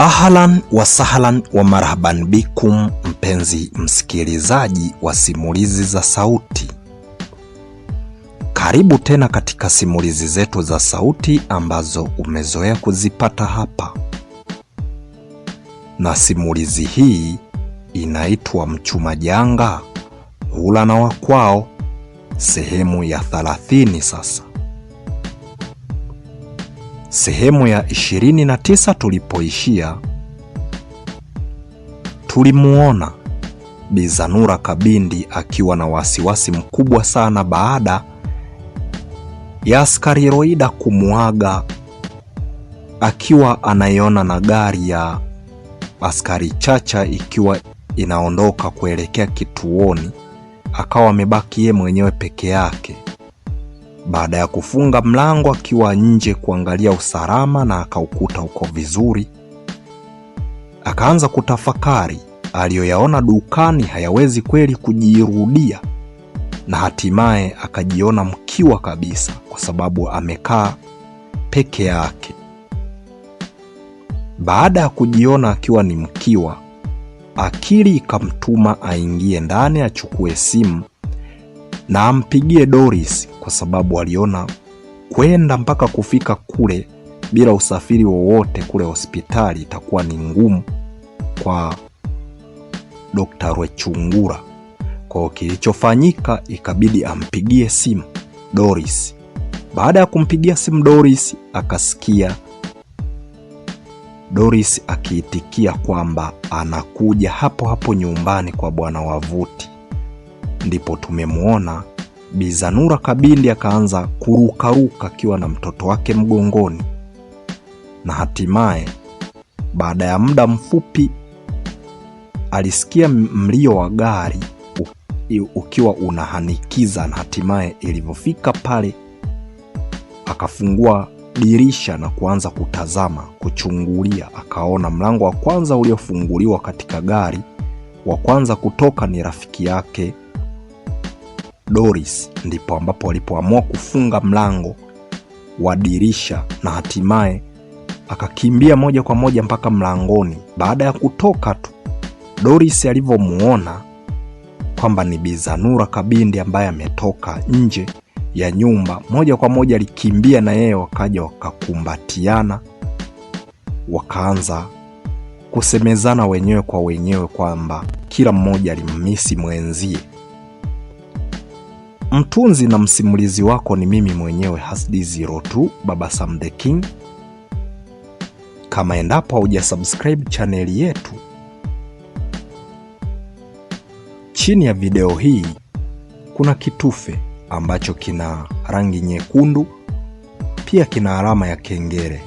Ahlan wa sahlan wa marhaban bikum, mpenzi msikilizaji wa simulizi za sauti, karibu tena katika simulizi zetu za sauti ambazo umezoea kuzipata hapa, na simulizi hii inaitwa Mchuma Janga hula na Wakwao sehemu ya 30. Sasa Sehemu ya 29 tulipoishia, tulimuona bizanura Kabindi akiwa na wasiwasi mkubwa sana baada ya askari Roida kumuaga akiwa anaiona na gari ya askari Chacha ikiwa inaondoka kuelekea kituoni, akawa amebaki yeye mwenyewe peke yake. Baada ya kufunga mlango akiwa nje kuangalia usalama na akaukuta uko vizuri, akaanza kutafakari aliyoyaona dukani hayawezi kweli kujirudia, na hatimaye akajiona mkiwa kabisa, kwa sababu amekaa peke yake. Baada ya kujiona akiwa ni mkiwa, akili ikamtuma aingie ndani achukue simu na ampigie Doris kwa sababu aliona kwenda mpaka kufika kule bila usafiri wowote kule hospitali itakuwa ni ngumu kwa Dr. Rwechungura. Kwa hiyo kilichofanyika, ikabidi ampigie simu Doris. Baada ya kumpigia simu Doris, akasikia Doris akiitikia kwamba anakuja hapo hapo nyumbani kwa bwana Wavuti ndipo tumemwona bizanura Kabindi akaanza kurukaruka akiwa na mtoto wake mgongoni, na hatimaye baada ya muda mfupi alisikia mlio wa gari ukiwa unahanikiza, na hatimaye ilivyofika pale akafungua dirisha na kuanza kutazama kuchungulia. Akaona mlango wa kwanza uliofunguliwa katika gari, wa kwanza kutoka ni rafiki yake Doris ndipo ambapo walipoamua kufunga mlango wa dirisha na hatimaye akakimbia moja kwa moja mpaka mlangoni. Baada ya kutoka tu, Doris alivyomuona kwamba ni Bizanura Kabindi ambaye ametoka nje ya nyumba, moja kwa moja alikimbia na yeye, wakaja wakakumbatiana, wakaanza kusemezana wenyewe kwa wenyewe kwamba kila mmoja alimmisi mwenzie. Mtunzi na msimulizi wako ni mimi mwenyewe Hasdi02 Baba Sam the King. Kama endapo haujasubscribe chaneli yetu, chini ya video hii kuna kitufe ambacho kina rangi nyekundu, pia kina alama ya kengele.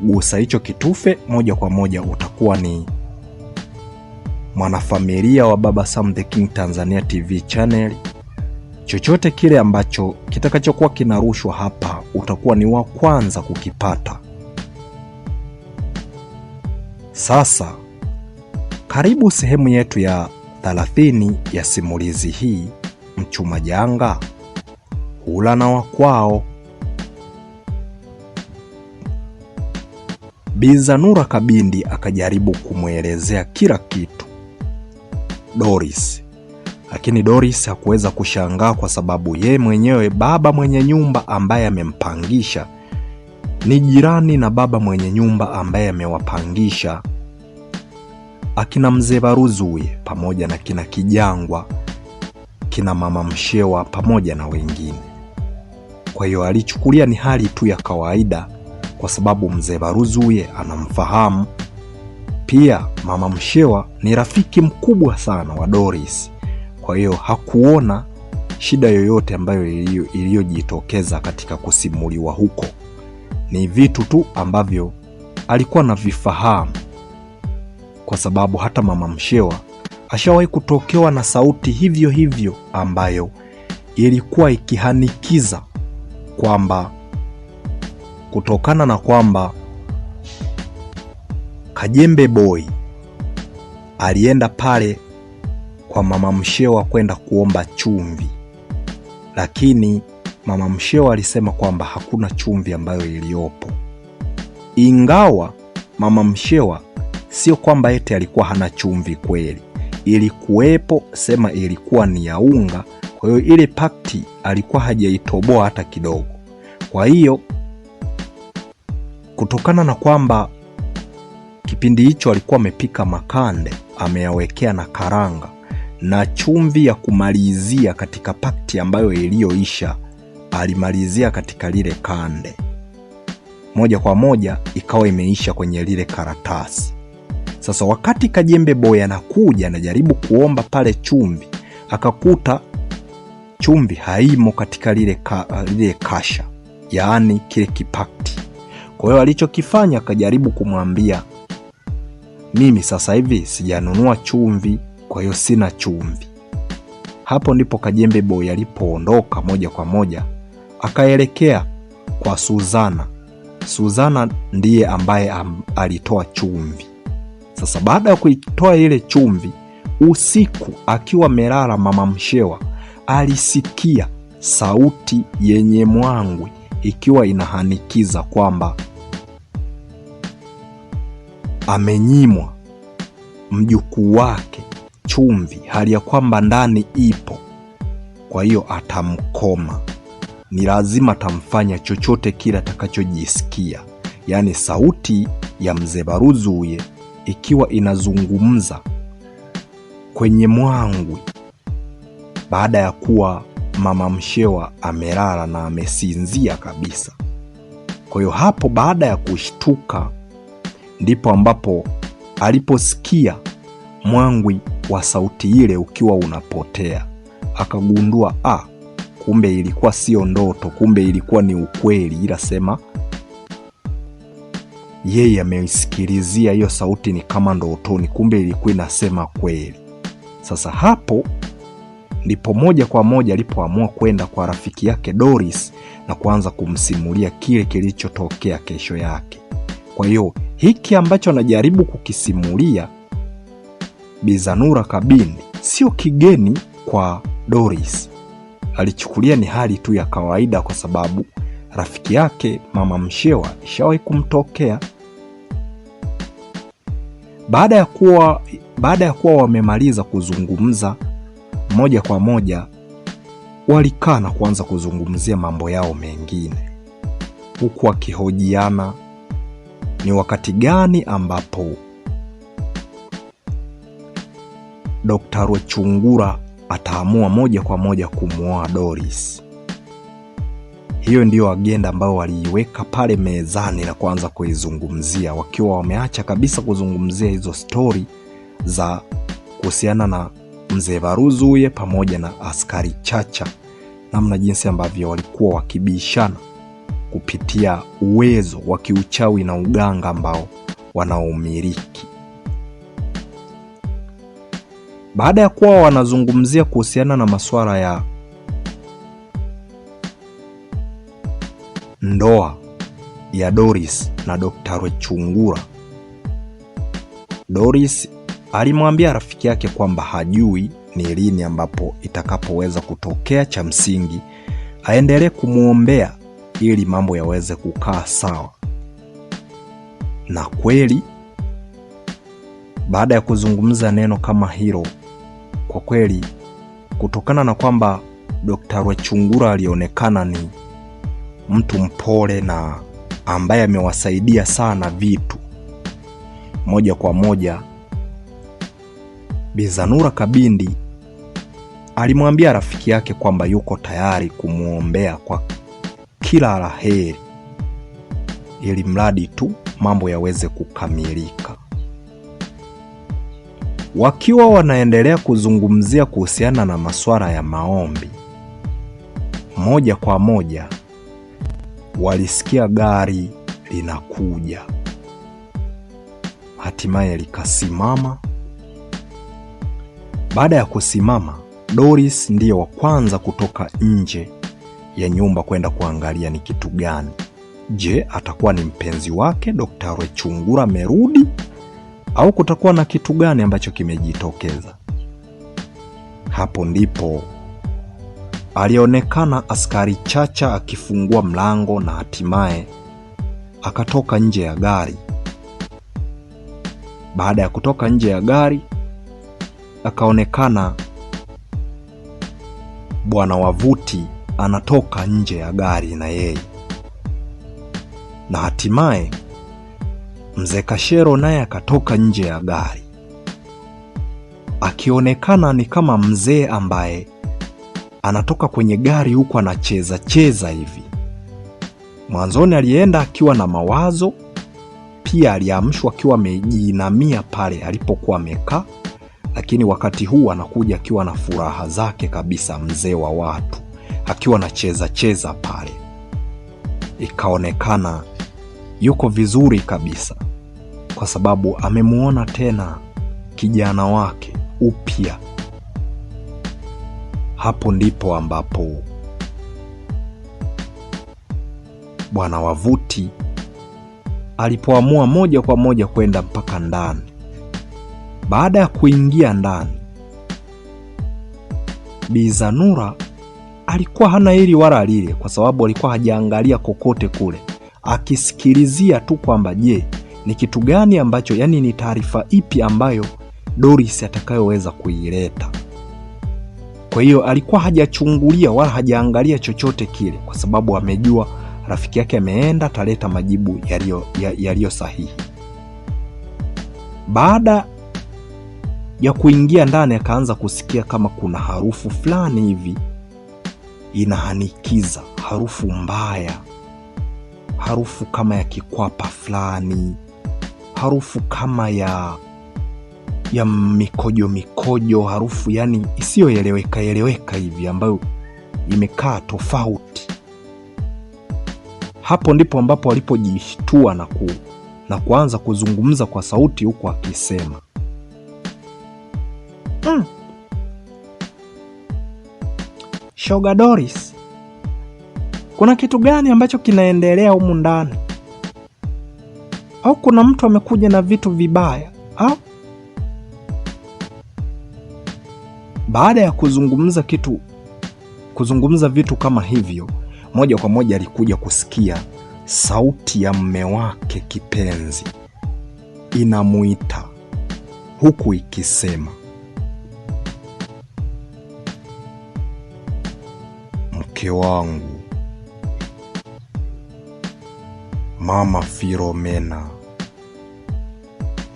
Gusa hicho kitufe moja kwa moja, utakuwa ni mwanafamilia wa Baba Sam the King Tanzania TV chaneli chochote kile ambacho kitakachokuwa kinarushwa hapa, utakuwa ni wa kwanza kukipata. Sasa karibu sehemu yetu ya 30 ya simulizi hii. Mchuma janga hula na wakwao. Bizanura Kabindi akajaribu kumwelezea kila kitu Doris lakini Doris hakuweza kushangaa kwa sababu ye mwenyewe baba mwenye nyumba ambaye amempangisha ni jirani na baba mwenye nyumba ambaye amewapangisha akina mzee Baruzuye pamoja na kina Kijangwa, kina mama Mshewa pamoja na wengine. Kwa hiyo alichukulia ni hali tu ya kawaida, kwa sababu mzee Baruzuye anamfahamu pia. Mama Mshewa ni rafiki mkubwa sana wa Doris. Kwa hiyo hakuona shida yoyote ambayo iliyojitokeza katika kusimuliwa huko. Ni vitu tu ambavyo alikuwa anavifahamu kwa sababu hata mama Mshewa ashawahi kutokewa na sauti hivyo hivyo ambayo ilikuwa ikihanikiza kwamba kutokana na kwamba Kajembe Boy alienda pale kwa mama mshewa kwenda kuomba chumvi, lakini mama mshewa alisema kwamba hakuna chumvi ambayo iliyopo, ingawa mama mshewa sio kwamba eti alikuwa hana chumvi kweli, ilikuwepo, sema ilikuwa ni ya unga. Kwa hiyo ile pakti alikuwa hajaitoboa hata kidogo. Kwa hiyo kutokana na kwamba kipindi hicho alikuwa amepika makande ameyawekea na karanga, na chumvi ya kumalizia katika pakti ambayo iliyoisha, alimalizia katika lile kande moja kwa moja ikawa imeisha kwenye lile karatasi. Sasa wakati Kajembe Boy anakuja anajaribu kuomba pale chumvi, akakuta chumvi haimo katika lile, ka, uh, lile kasha, yaani kile kipakti. Kwa hiyo alichokifanya akajaribu kumwambia, mimi sasa hivi sijanunua chumvi, kwa hiyo sina chumvi. Hapo ndipo Kajembe Boy alipoondoka moja kwa moja akaelekea kwa Suzana. Suzana ndiye ambaye am, alitoa chumvi. Sasa baada ya kuitoa ile chumvi, usiku akiwa amelala mama Mshewa alisikia sauti yenye mwangwi ikiwa inahanikiza kwamba amenyimwa mjukuu wake chumvi, hali ya kwamba ndani ipo. Kwa hiyo atamkoma, ni lazima atamfanya chochote kile atakachojisikia. Yaani sauti ya mzee Baruzuye ikiwa inazungumza kwenye mwangwi baada ya kuwa mama mshewa amelala na amesinzia kabisa. Kwa hiyo hapo, baada ya kushtuka, ndipo ambapo aliposikia mwangwi wa sauti ile ukiwa unapotea. Akagundua ah, kumbe ilikuwa sio ndoto, kumbe ilikuwa ni ukweli, ila sema yeye ameisikilizia hiyo sauti ni kama ndotoni, kumbe ilikuwa inasema kweli. Sasa hapo ndipo moja kwa moja alipoamua kwenda kwa rafiki yake Doris na kuanza kumsimulia kile kilichotokea kesho yake. Kwa hiyo hiki ambacho anajaribu kukisimulia Bizanura Kabin sio kigeni kwa Doris. Alichukulia ni hali tu ya kawaida kwa sababu rafiki yake mama Mshewa ishawahi kumtokea. Baada ya kuwa baada ya kuwa wamemaliza kuzungumza moja kwa moja, walikaa na kuanza kuzungumzia mambo yao mengine, huku wakihojiana ni wakati gani ambapo Dr. Rwechungura ataamua moja kwa moja kumwoa Doris. Hiyo ndiyo agenda ambayo waliiweka pale mezani na kuanza kuizungumzia, wakiwa wameacha kabisa kuzungumzia hizo stori za kuhusiana na mzee Baruzuye pamoja na askari Chacha, namna jinsi ambavyo walikuwa wakibishana kupitia uwezo wa kiuchawi na uganga ambao wanaomiliki. baada ya kuwa wanazungumzia kuhusiana na masuala ya ndoa ya Doris na Dr. Rwechungura, Doris alimwambia rafiki yake kwamba hajui ni lini ambapo itakapoweza kutokea. Cha msingi aendelee kumwombea ili mambo yaweze kukaa sawa. Na kweli baada ya kuzungumza neno kama hilo, kwa kweli, kutokana na kwamba Dr. Rwechungura alionekana ni mtu mpole na ambaye amewasaidia sana vitu moja kwa moja, bizanura Kabindi alimwambia rafiki yake kwamba yuko tayari kumwombea kwa kila la heri, ili mradi tu mambo yaweze kukamilika wakiwa wanaendelea kuzungumzia kuhusiana na masuala ya maombi. Moja kwa moja walisikia gari linakuja, hatimaye likasimama. Baada ya kusimama, Doris ndiye wa kwanza kutoka nje ya nyumba kwenda kuangalia ni kitu gani. Je, atakuwa ni mpenzi wake Dr. Rwechungura merudi? au kutakuwa na kitu gani ambacho kimejitokeza? Hapo ndipo alionekana askari Chacha akifungua mlango na hatimaye akatoka nje ya gari. Baada ya kutoka nje ya gari, akaonekana Bwana Wavuti anatoka nje ya gari na yeye, na hatimaye Mzee Kashero naye akatoka nje ya gari akionekana ni kama mzee ambaye anatoka kwenye gari huku anacheza cheza hivi. Mwanzoni alienda akiwa na mawazo, pia aliamshwa akiwa amejinamia pale alipokuwa amekaa, lakini wakati huu anakuja akiwa na furaha zake kabisa, mzee wa watu akiwa anacheza cheza pale, ikaonekana yuko vizuri kabisa kwa sababu amemwona tena kijana wake upya. Hapo ndipo ambapo Bwana Wavuti alipoamua moja kwa moja kwenda mpaka ndani. Baada ya kuingia ndani, bizanura alikuwa hana hili wala lile, kwa sababu alikuwa hajaangalia kokote kule, akisikilizia tu kwamba je, ni kitu gani ambacho, yani ni taarifa ipi ambayo Doris atakayoweza kuileta. Kwa hiyo alikuwa hajachungulia wala hajaangalia chochote kile, kwa sababu amejua rafiki yake ameenda ataleta majibu yaliyo yaliyo sahihi. Baada ya kuingia ndani, akaanza kusikia kama kuna harufu fulani hivi inahanikiza, harufu mbaya, harufu kama ya kikwapa fulani harufu kama ya ya mikojo mikojo, harufu yani isiyoeleweka eleweka hivi ambayo imekaa tofauti. Hapo ndipo ambapo alipojishtua na, ku, na kuanza kuzungumza kwa sauti huku akisema mm. Shoga Doris, kuna kitu gani ambacho kinaendelea humu ndani? au kuna mtu amekuja na vitu vibaya au? Baada ya kuzungumza kitu kuzungumza vitu kama hivyo, moja kwa moja alikuja kusikia sauti ya mme wake kipenzi inamuita huku ikisema, mke wangu, Mama Filomena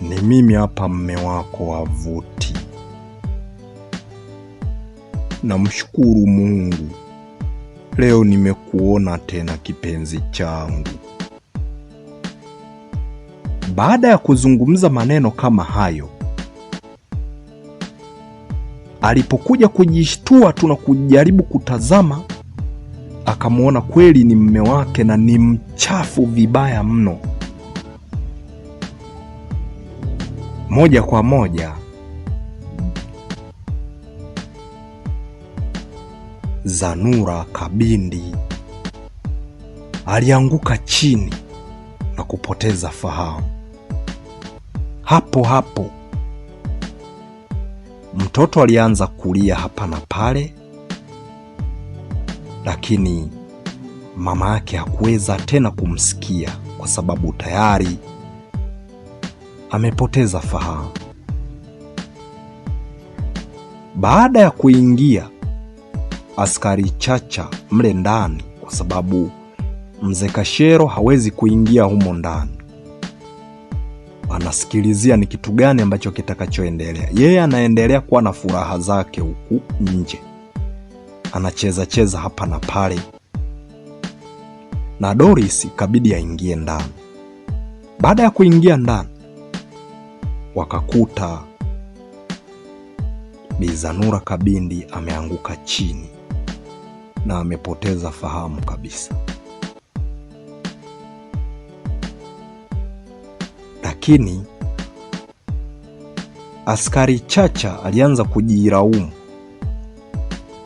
ni mimi hapa mme wako Wavuti. Namshukuru Mungu leo nimekuona tena kipenzi changu. Baada ya kuzungumza maneno kama hayo, alipokuja kujishtua tu na kujaribu kutazama, akamwona kweli ni mme wake na ni mchafu vibaya mno. moja kwa moja Zanura Kabindi alianguka chini na kupoteza fahamu. Hapo hapo mtoto alianza kulia hapa na pale, lakini mama yake hakuweza tena kumsikia kwa sababu tayari amepoteza fahamu. Baada ya kuingia askari Chacha mle ndani, kwa sababu mzee Kashero hawezi kuingia humo ndani, anasikilizia ni kitu gani ambacho kitakachoendelea. Yeye anaendelea kuwa na furaha zake huku nje, anacheza cheza hapa na pale, na Doris kabidi aingie ndani. Baada ya kuingia ndani wakakuta Bi Zanura Kabindi ameanguka chini na amepoteza fahamu kabisa, lakini askari Chacha alianza kujiraumu,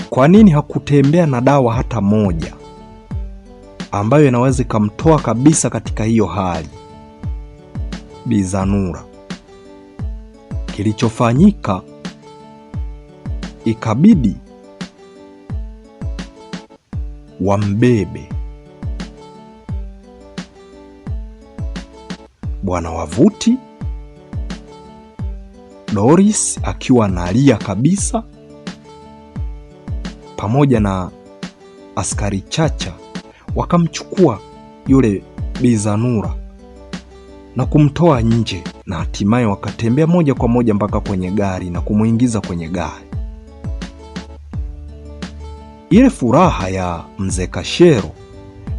kwa nini hakutembea na dawa hata moja ambayo inaweza ikamtoa kabisa katika hiyo hali Bi Zanura kilichofanyika, ikabidi wambebe Bwana Wavuti. Doris akiwa analia kabisa, pamoja na askari Chacha, wakamchukua yule Bizanura na kumtoa nje, na hatimaye wakatembea moja kwa moja mpaka kwenye gari na kumwingiza kwenye gari. Ile furaha ya mzee Kashero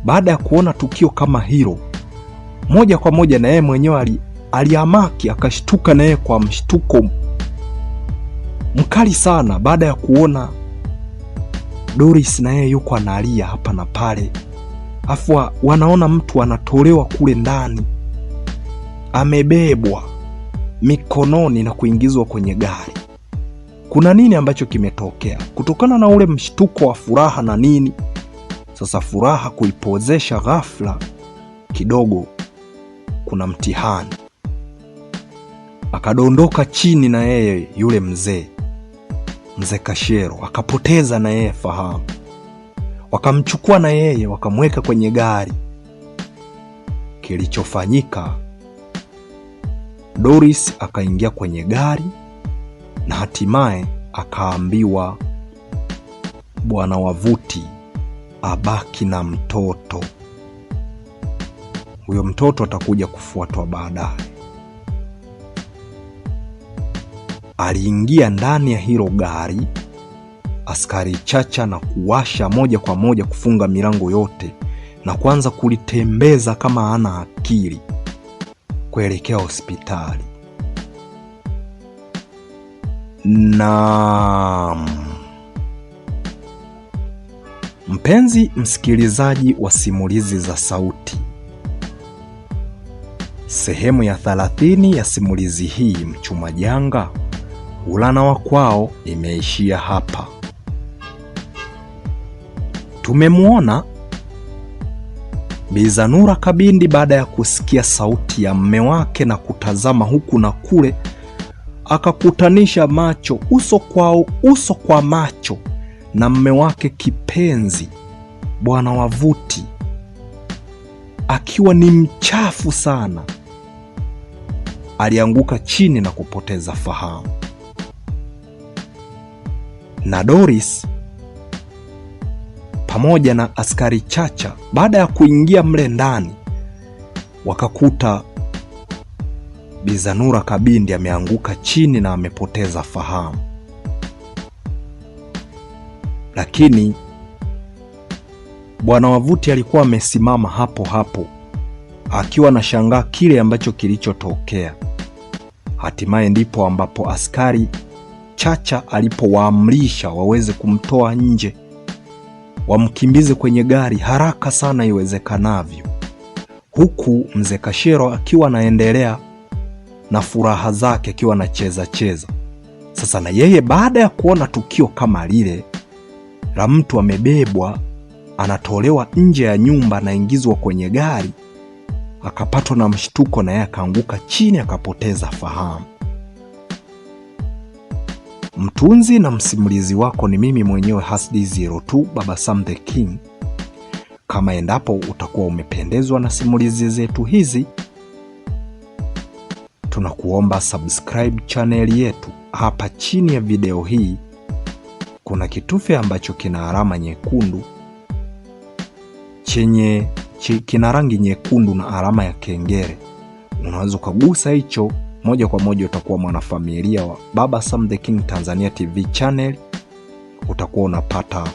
baada ya kuona tukio kama hilo, moja kwa moja na yeye mwenyewe aliamaki, akashtuka na yeye kwa mshtuko mkali sana, baada ya kuona Doris na yeye yuko analia hapa na pale, afu wanaona mtu anatolewa kule ndani amebebwa mikononi na kuingizwa kwenye gari. Kuna nini ambacho kimetokea kutokana na ule mshtuko wa furaha na nini? Sasa furaha kuipozesha ghafla kidogo, kuna mtihani. Akadondoka chini na yeye yule mzee, mzee Kashero akapoteza na yeye fahamu, wakamchukua na yeye wakamweka kwenye gari. Kilichofanyika Doris akaingia kwenye gari na hatimaye akaambiwa bwana Wavuti abaki na mtoto huyo, mtoto atakuja kufuatwa baadaye. Aliingia ndani ya hilo gari askari Chacha na kuwasha moja kwa moja, kufunga milango yote na kuanza kulitembeza kama ana akili kuelekea hospitali. Naam. Mpenzi msikilizaji wa simulizi za sauti, sehemu ya 30 ya simulizi hii Mchuma Janga hula na wakwao imeishia hapa. Tumemwona bizanura Kabindi baada ya kusikia sauti ya mme wake na kutazama huku na kule, akakutanisha macho uso kwa uso kwa macho na mme wake kipenzi Bwana Wavuti, akiwa ni mchafu sana. Alianguka chini na kupoteza fahamu na Doris pamoja na askari Chacha. Baada ya kuingia mle ndani, wakakuta Bizanura Kabindi ameanguka chini na amepoteza fahamu, lakini Bwana Wavuti alikuwa amesimama hapo hapo akiwa anashangaa kile ambacho kilichotokea. Hatimaye ndipo ambapo askari Chacha alipowaamrisha waweze kumtoa nje wamkimbize kwenye gari haraka sana iwezekanavyo, huku mzee Kashero akiwa anaendelea na furaha zake akiwa anacheza cheza. Sasa na yeye baada ya kuona tukio kama lile la mtu amebebwa anatolewa nje ya nyumba anaingizwa kwenye gari, akapatwa na mshtuko, na yeye akaanguka chini akapoteza fahamu. Mtunzi na msimulizi wako ni mimi mwenyewe Hasdi02 Baba Sam the King. Kama endapo utakuwa umependezwa na simulizi zetu hizi, tunakuomba subscribe chaneli yetu. Hapa chini ya video hii kuna kitufe ambacho kina alama nyekundu chenye kina rangi nyekundu na alama ya kengele, unaweza ukagusa hicho moja kwa moja utakuwa mwanafamilia wa Baba Sam the King Tanzania TV channel. Utakuwa unapata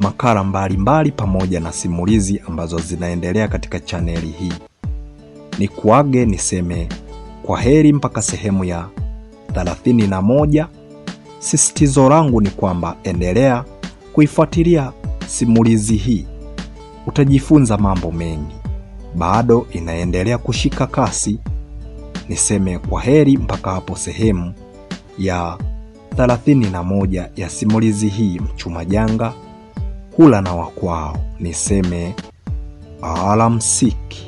makala mbalimbali mbali pamoja na simulizi ambazo zinaendelea katika chaneli hii. Ni kuage niseme kwa heri mpaka sehemu ya 31. Sisitizo langu ni kwamba endelea kuifuatilia simulizi hii, utajifunza mambo mengi, bado inaendelea kushika kasi niseme kwa heri mpaka hapo sehemu ya 31 ya simulizi hii Mchuma Janga, Hula na Wakwao. Niseme alamsiki.